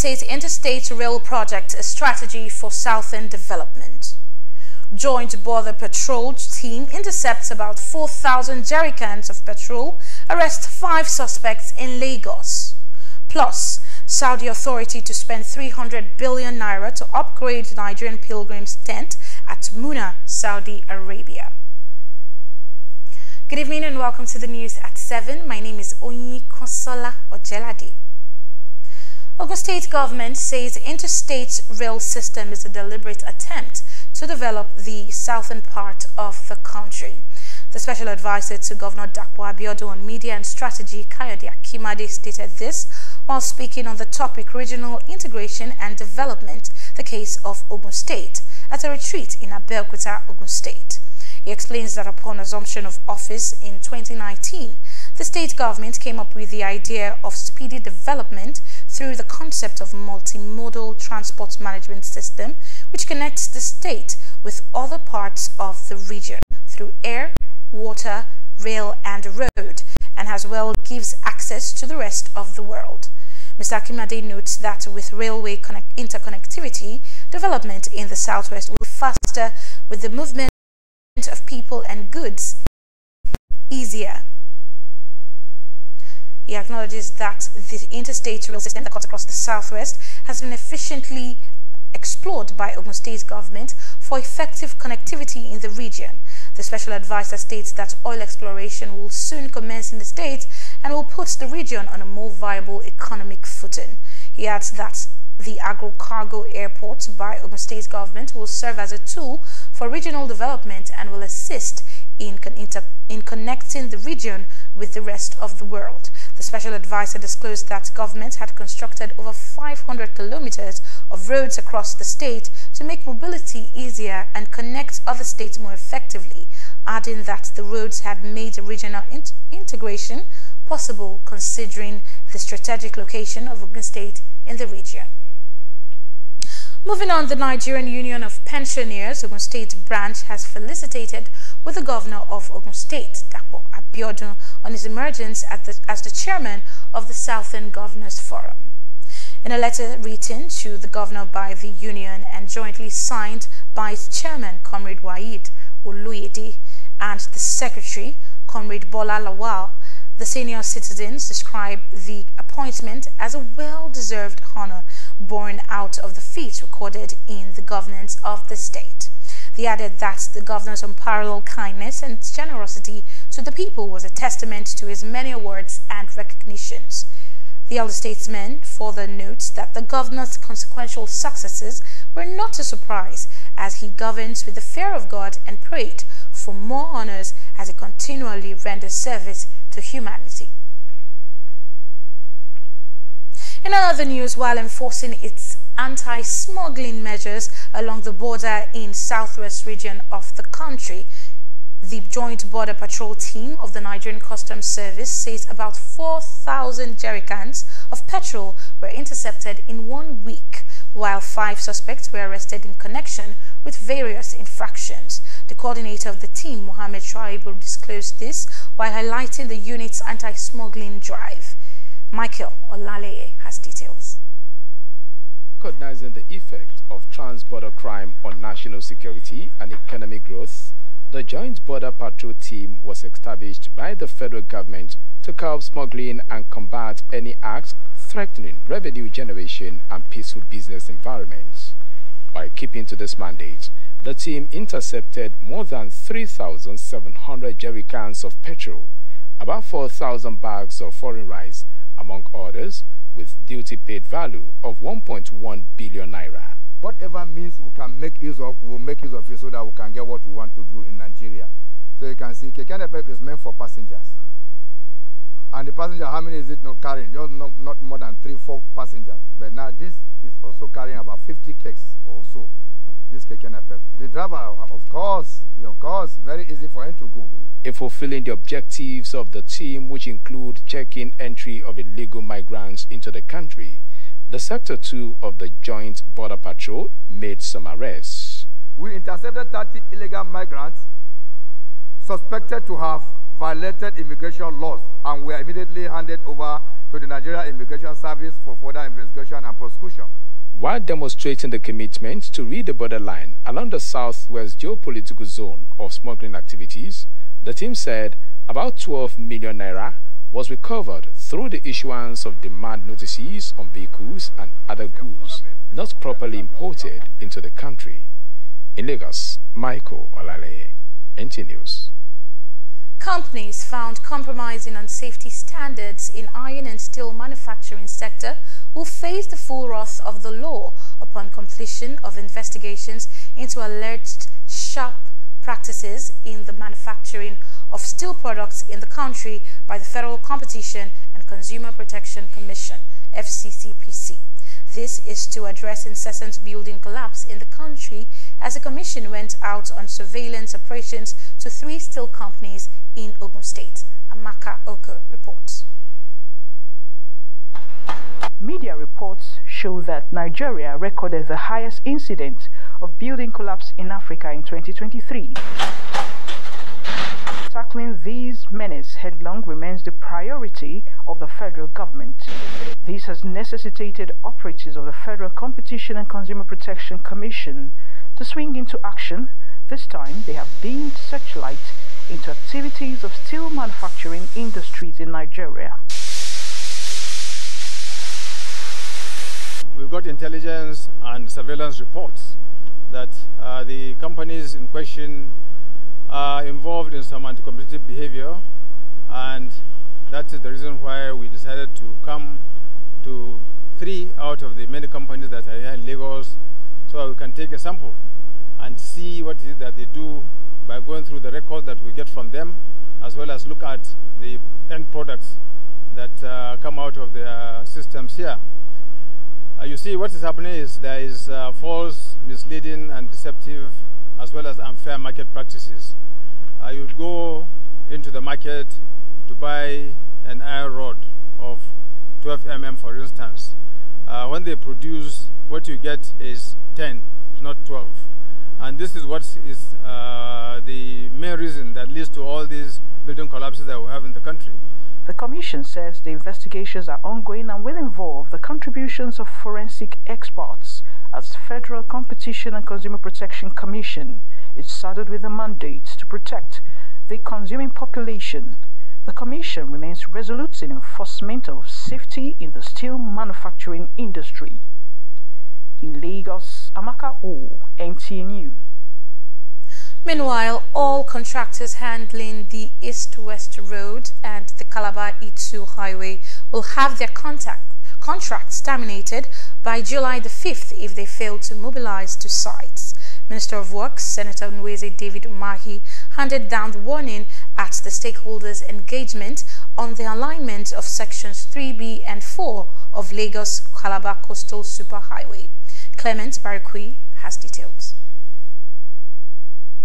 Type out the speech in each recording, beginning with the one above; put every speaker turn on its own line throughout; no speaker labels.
says Interstate Rail Project, a strategy for Southern development. Joint Border Patrol team intercepts about 4,000 jerrycans of petrol, arrests five suspects in Lagos. Plus, Saudi authority to spend 300 billion naira to upgrade Nigerian pilgrims' tent at Muna, Saudi Arabia. Good evening and welcome to the news at 7. My name is Onyi Konsola Ojeladi. Ogun State government says interstate rail system is a deliberate attempt to develop the southern part of the country. The special advisor to Governor Dakwa Biode on media and strategy, Kayode Akimade, stated this while speaking on the topic Regional Integration and Development, the case of Ogun State, at a retreat in Abeokuta, Ogun State. He explains that upon assumption of office in 2019, the state government came up with the idea of speedy development through the concept of multimodal transport management system, which connects the state with other parts of the region through air, water, rail and road, and as well gives access to the rest of the world. Mr. Akimade notes that with railway interconnectivity, development in the southwest will be faster with the movement of people and goods easier he acknowledges that the interstate rail system that cuts across the southwest has been efficiently explored by Ogun State government for effective connectivity in the region. The special advisor states that oil exploration will soon commence in the state and will put the region on a more viable economic footing. He adds that the agro cargo airport by Ogun State government will serve as a tool for regional development and will assist in, con in, connecting the region with the rest of the world. The special advisor disclosed that government had constructed over 500 kilometers of roads across the state to make mobility easier and connect other states more effectively, adding that the roads had made regional in integration possible considering the strategic location of Ogun State in the region. Moving on, the Nigerian Union of Pensioners, Ogun State branch, has felicitated with the governor of Ogun State, Dapo Abiodun, on his emergence the, as the chairman of the Southern Governors Forum. In a letter written to the governor by the union and jointly signed by its chairman, Comrade Waid Uluyedi, and the secretary, Comrade Bola Lawal, the senior citizens describe the appointment as a well-deserved honor born out of the feats recorded in the governance of the state. They added that the governor's unparalleled kindness and generosity to the people was a testament to his many awards and recognitions. The elder statesman further notes that the governor's consequential successes were not a surprise, as he governs with the fear of God and prayed for more honors as he continually renders service to humanity. In other news, while enforcing its anti-smuggling measures along the border in southwest region of the country, the Joint Border Patrol team of the Nigerian Customs Service says about 4,000 jerrycans of petrol were intercepted in one week, while five suspects were arrested in connection with various infractions. The coordinator of the team, Mohammed Shaibu, disclosed this while highlighting the unit's anti-smuggling drive. Michael Olaleye has details.
Recognizing the effect of trans-border crime on national security and economic growth, the Joint Border Patrol Team was established by the federal government to curb smuggling and combat any acts threatening revenue generation and peaceful business environments. By keeping to this mandate, the team intercepted more than 3,700 jerry cans of petrol, about 4,000 bags of foreign rice, among others, with duty paid value of 1.1 billion naira. Whatever means we can make use of, we'll make use of it so that we can get what we want to do in Nigeria. So you can see Kekenepep is meant for passengers. And the passenger, how many is it not carrying? Just not, not more than three, four passengers. But now this is also carrying about 50 cakes or so this Keke Napep. The driver, of course, of course, very easy for him to go. In fulfilling the objectives of the team, which include checking entry of illegal migrants into the country, the Sector 2 of the Joint Border Patrol made some arrests. We intercepted 30 illegal migrants suspected to have violated immigration laws and were immediately handed over to the Nigeria Immigration Service for further investigation and prosecution. While demonstrating the commitment to read the borderline along the southwest geopolitical zone of smuggling activities, the team said about 12 million naira was recovered through the issuance of demand notices on vehicles and other goods not properly imported into the country. In Lagos, Michael Olaleye, NT News.
Companies found compromising on safety standards in iron and steel manufacturing sector will face the full wrath of the law upon completion of investigations into alleged sharp practices in the manufacturing of steel products in the country by the Federal Competition and Consumer Protection Commission, FCCPC. This is to address incessant building collapse in the country as the commission went out on surveillance operations to three steel companies in Ogun State. Amaka Oko reports.
Media reports show that Nigeria recorded the highest incident of building collapse in Africa in 2023. Tackling these menace headlong remains the priority of the federal government. This has necessitated operatives of the Federal Competition and Consumer Protection Commission to swing into action. This time, they have beamed searchlight into activities of steel manufacturing industries in Nigeria. We've got intelligence
and surveillance reports that uh, the companies in question are involved in some anti-competitive behavior and that is the reason why we decided to come to three out of the many companies that are here in Lagos so we can take a sample and see what it is that they do by going through the records that we get from them as well as look at the end products that uh, come out of their systems here. Uh, you see what is happening is there is uh, false, misleading and deceptive as well as unfair market practices. I would go into the market to buy an iron rod of 12 mm for instance. Uh, when they produce, what you get is 10, not 12. And this is what is uh, the main reason that leads to all these building collapses that we have in the country.
The Commission says the investigations are ongoing and will involve the contributions of forensic experts as Federal Competition and Consumer Protection Commission is saddled with a mandate to protect the consuming population, the Commission remains resolute in enforcement of safety in the steel manufacturing industry. In Lagos, Amaka O, NTA News.
Meanwhile, all contractors handling the East-West Road and the Calabar-Itsu Highway will have their contact contracts terminated by July the 5th if they fail to mobilize to sites. Minister of Works, Senator Nweze David Umahi, handed down the warning at the stakeholders' engagement on the alignment of sections 3B and 4 of Lagos-Calabar Coastal Superhighway. Clement Barakui has details.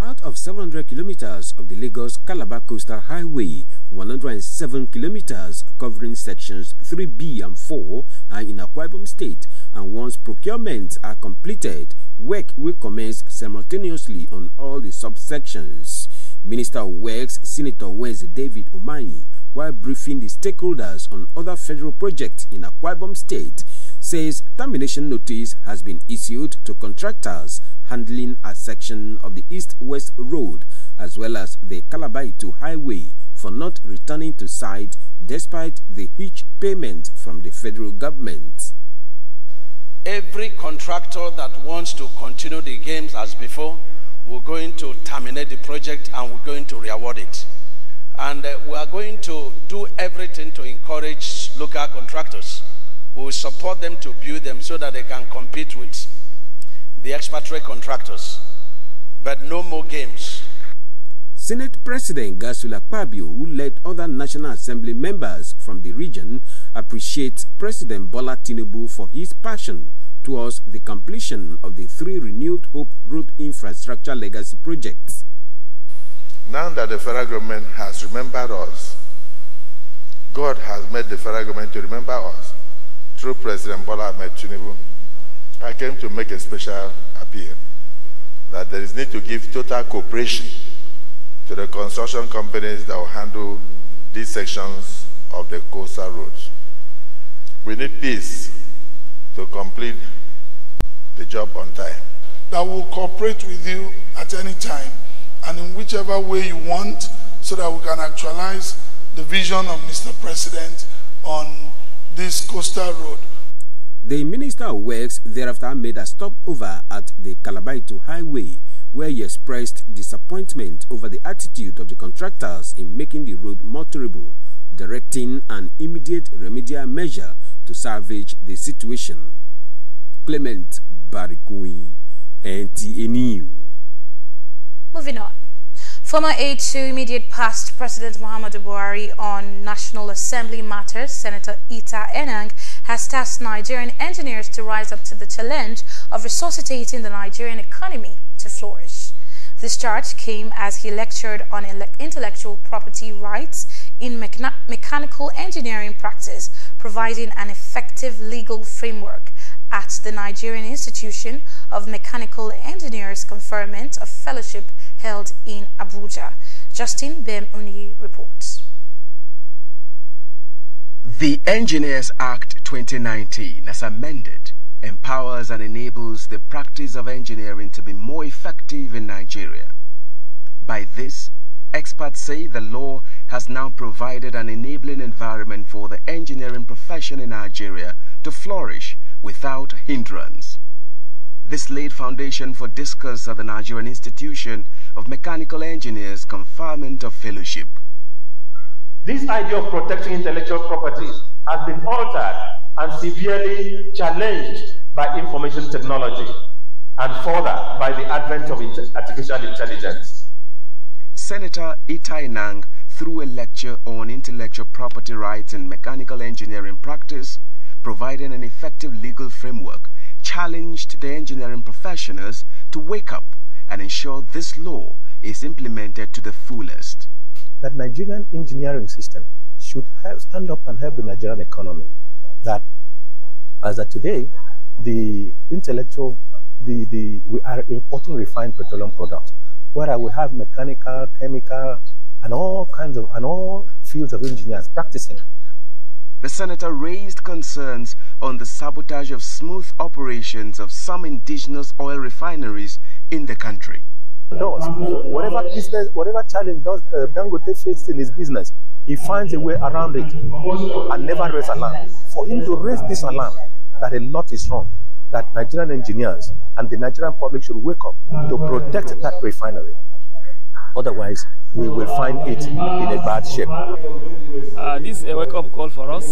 Out of 700 kilometers of the Lagos-Calabar Coastal Highway, 107 kilometers covering sections 3B and 4 are in Akwa State and once procurements are completed, work will commence simultaneously on all the subsections. Minister of Works, Senator Wednesday David Omani, while briefing the stakeholders on other federal projects in Akwa Ibom State, says termination notice has been issued to contractors handling a section of the East-West Road as well as the Kalabai-to Highway for not returning to site despite the huge payment from the federal government.
Every contractor that wants to continue the games as before, we're going to terminate the project and we're going to reward it. And uh, we are going to do everything to encourage local contractors. We will support them to build them so that they can compete with the expatriate contractors. But no more games.
Senate President Gasula Pabio, who led other National Assembly members from the region, appreciates President Bola Tinubu for his passion towards the completion of the three renewed Hope Road infrastructure legacy projects.
Now that the federal government has remembered us, God has made the federal government to remember us through President Bola Ahmed Tinubu I came to make a special appeal that there is need to give total cooperation to the construction companies that will handle these sections of the coastal road. We need peace to complete the job on time.
That will cooperate with you at any time and in whichever way you want so that we can actualize the vision of Mr. President on this coastal road.
The Minister of Works thereafter made a stopover at the Kalabaitu Highway, where he expressed disappointment over the attitude of the contractors in making the road motorable, directing an immediate remedial measure to salvage the situation. Clement Barikui, NTA News.
Moving on. Former aide to immediate past President Muhammadu Buhari on National Assembly matters, Senator Ita Enang, has tasked Nigerian engineers to rise up to the challenge of resuscitating the Nigerian economy to flourish. This charge came as he lectured on intellectual property rights in mechan mechanical engineering practice, providing an effective legal framework at the Nigerian Institution of Mechanical Engineers conferment of fellowship held in Abuja. Justin Bem reports.
The Engineers Act 2019, as amended, empowers and enables the practice of engineering to be more effective in Nigeria. By this, experts say the law has now provided an enabling environment for the engineering profession in Nigeria to flourish without hindrance. This laid foundation for discourse at the Nigerian Institution of Mechanical Engineers Conferment of Fellowship. This idea of protecting intellectual properties has been altered and severely challenged by information technology and further by the advent of artificial intelligence. Senator Itai Nang, through a lecture on intellectual property rights and mechanical engineering practice, providing an effective legal framework, challenged the engineering professionals to wake up and ensure this law is implemented to the fullest that Nigerian engineering system should help, stand up and help the Nigerian economy. That as of today, the intellectual, the, the, we are importing refined petroleum products, where we have mechanical, chemical, and all kinds of, and all fields of engineers practicing. The senator raised concerns on the sabotage of smooth operations of some indigenous oil refineries in the country does, whatever business, whatever challenge does uh, Dangote faces in his business, he finds a way around it and never raise alarm. For him to raise this alarm that a lot is wrong, that Nigerian engineers and the Nigerian public should wake up to protect that refinery. Otherwise, we will find it in a bad shape.
Uh, this is a wake-up call for us.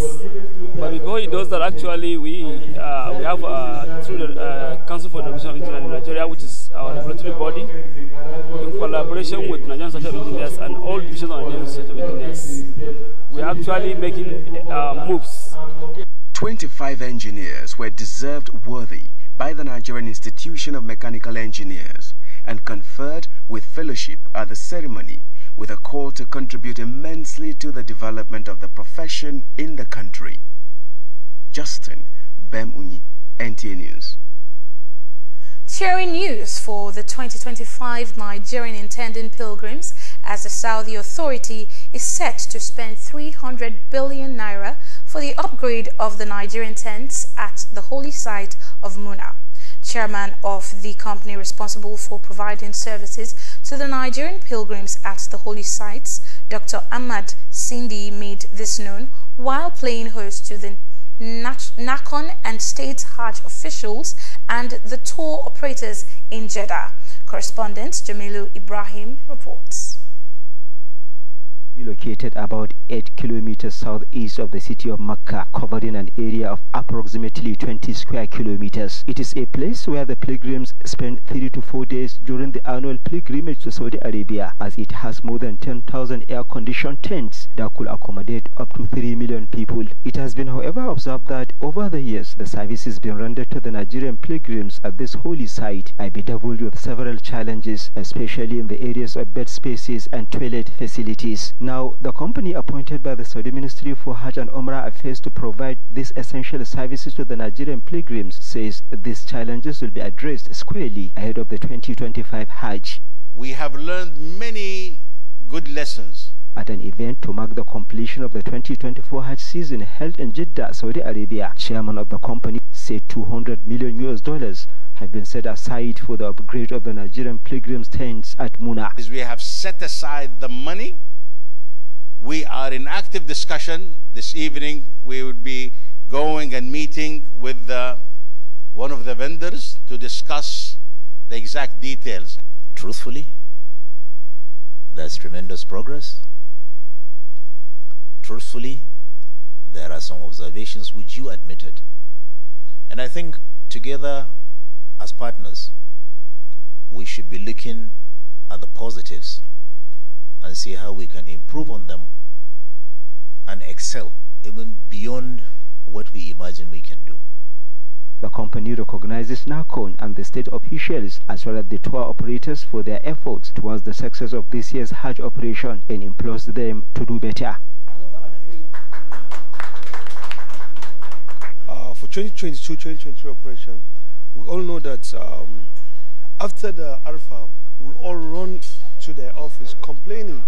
But before it does that, actually, we uh, we have uh, through the uh, Council for the Regulation of Engineering in Nigeria, which is our regulatory body, in collaboration with Nigerian Social Engineers and all divisions of Nigerian Social Engineers, we are actually making
uh, moves. 25 engineers were deserved worthy by the Nigerian Institution of Mechanical Engineers and conferred with fellowship at the ceremony with a call to contribute immensely to the development of the profession in the country. Justin Bemuni, NTA News.
Cheering news for the 2025 Nigerian intending pilgrims as the Saudi authority is set to spend 300 billion naira for the upgrade of the Nigerian tents at the holy site of Muna chairman of the company responsible for providing services to the Nigerian pilgrims at the holy sites, Dr. Ahmad Sindhi, made this known while playing host to the NACON and state Hajj officials and the tour operators in Jeddah. Correspondent Jamilu Ibrahim reports
located about 8 kilometers southeast of the city of Mecca, covering an area of approximately 20 square kilometers. It is a place where the pilgrims spend 3 to 4 days during the annual pilgrimage to Saudi Arabia, as it has more than 10,000 air-conditioned tents that could accommodate up to 3 million people. It has been, however, observed that over the years, the service has been rendered to the Nigerian pilgrims at this holy site I bedevilled with several challenges, especially in the areas of bed spaces and toilet facilities. Now, the company appointed by the Saudi Ministry for Hajj and Umrah Affairs to provide these essential services to the Nigerian pilgrims says these challenges will be addressed squarely ahead of the 2025 Hajj.
We have learned many good lessons.
At an event to mark the completion of the 2024 Hajj season held in Jeddah, Saudi Arabia, chairman of the company said 200 million US dollars have been set aside for the upgrade of the Nigerian pilgrims' tents at Muna.
We have set aside the money we are in active discussion. This evening, we will be going and meeting with the, one of the vendors to discuss the exact details.
Truthfully, there's tremendous progress. Truthfully, there are some observations which you admitted. And I think together as partners, we should be looking at the positives and see how we can improve on them and excel even beyond what we imagine we can do. The company recognizes NACON and the state officials as well as the tour operators for their efforts towards the success of this year's Hajj operation and implores them to do better.
Uh, for 2022-2023 operation, we all
know that um, after the Arafah, we all run to their office complaining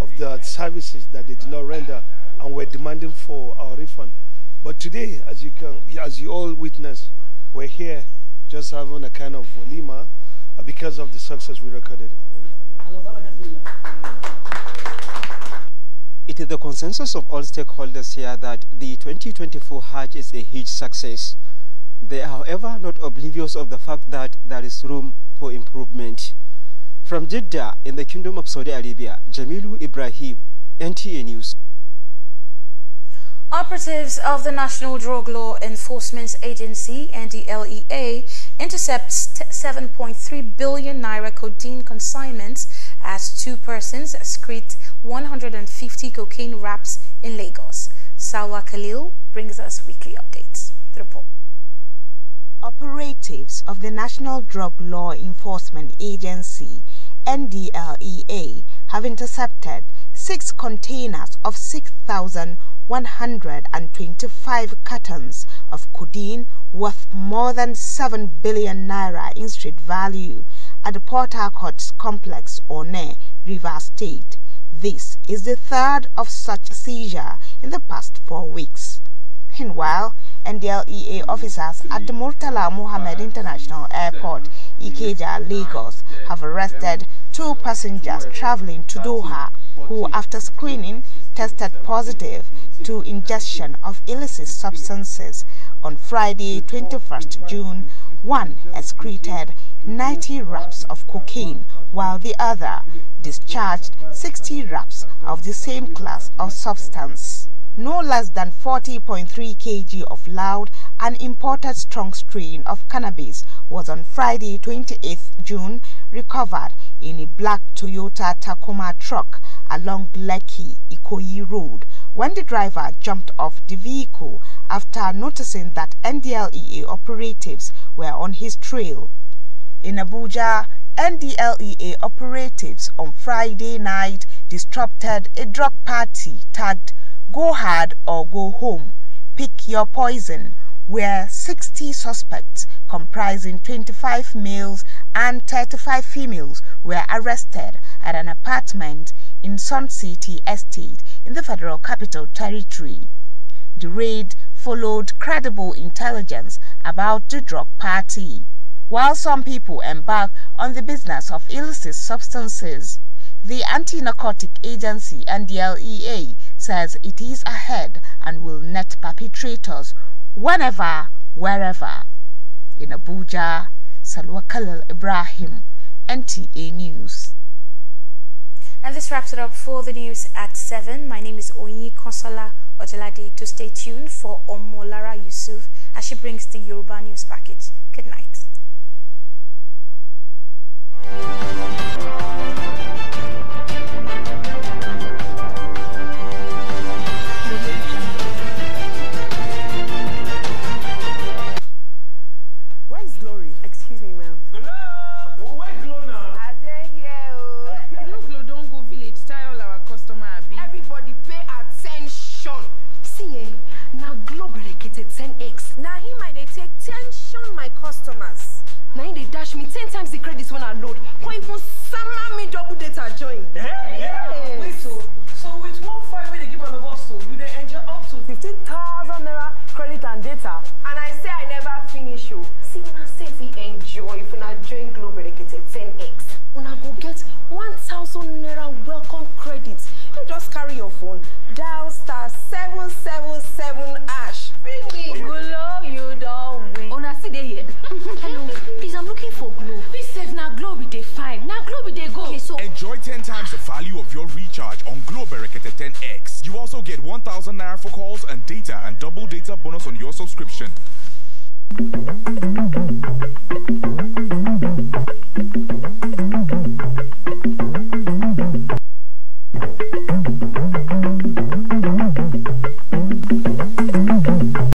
of the services that they did not render and were demanding for our refund. But today, as you can, as you all witness, we're here
just having a kind of walima uh, because of the success we recorded. It is the consensus of all stakeholders here that the 2024 Hajj is a huge success. They are, however, not oblivious of the fact that there is room for improvement. From Jeddah in the Kingdom of Saudi Arabia, Jamilu Ibrahim, NTA News.
Operatives of the National Drug Law Enforcement Agency, NDLEA, intercept 7.3 billion naira codeine consignments as two persons secrete 150 cocaine wraps in Lagos. Sawa Khalil brings us weekly updates. The report.
Operatives of the National Drug Law Enforcement Agency NDLEA have intercepted six containers of 6,125 cartons of codeine worth more than 7 billion naira in street value at the Port Harcourt complex on River State. This is the third of such seizure in the past four weeks. Meanwhile, NDLEA officers at the Murtala Mohammed International Airport Ikeja, Lagos have arrested two passengers traveling to Doha who, after screening, tested positive to ingestion of illicit substances. On Friday, 21st June, one excreted 90 wraps of cocaine, while the other discharged 60 wraps of the same class of substance. No less than 40.3 kg of loud and imported strong strain of cannabis was on Friday, 28th June, recovered in a black Toyota Tacoma truck along Lekki Ikoyi Road when the driver jumped off the vehicle after noticing that NDLEA operatives were on his trail. In Abuja, NDLEA operatives on Friday night disrupted a drug party tagged Go Hard or Go Home, Pick Your Poison, where 60 suspects comprising 25 males and 35 females, were arrested at an apartment in Sun City Estate in the Federal Capital Territory. The raid followed credible intelligence about the drug party. While some people embark on the business of illicit substances, the Anti-Narcotic Agency NDLEA says it is ahead and will net perpetrators whenever, wherever in Abuja, Salwa Khalil Ibrahim, NTA News.
And this wraps it up for the news at 7. My name is Oyi Konsola Ojelade. To stay tuned for Omolara Yusuf as she brings the Yoruba news package. Good night.
1,000 Naira for calls and data and double data bonus on your subscription.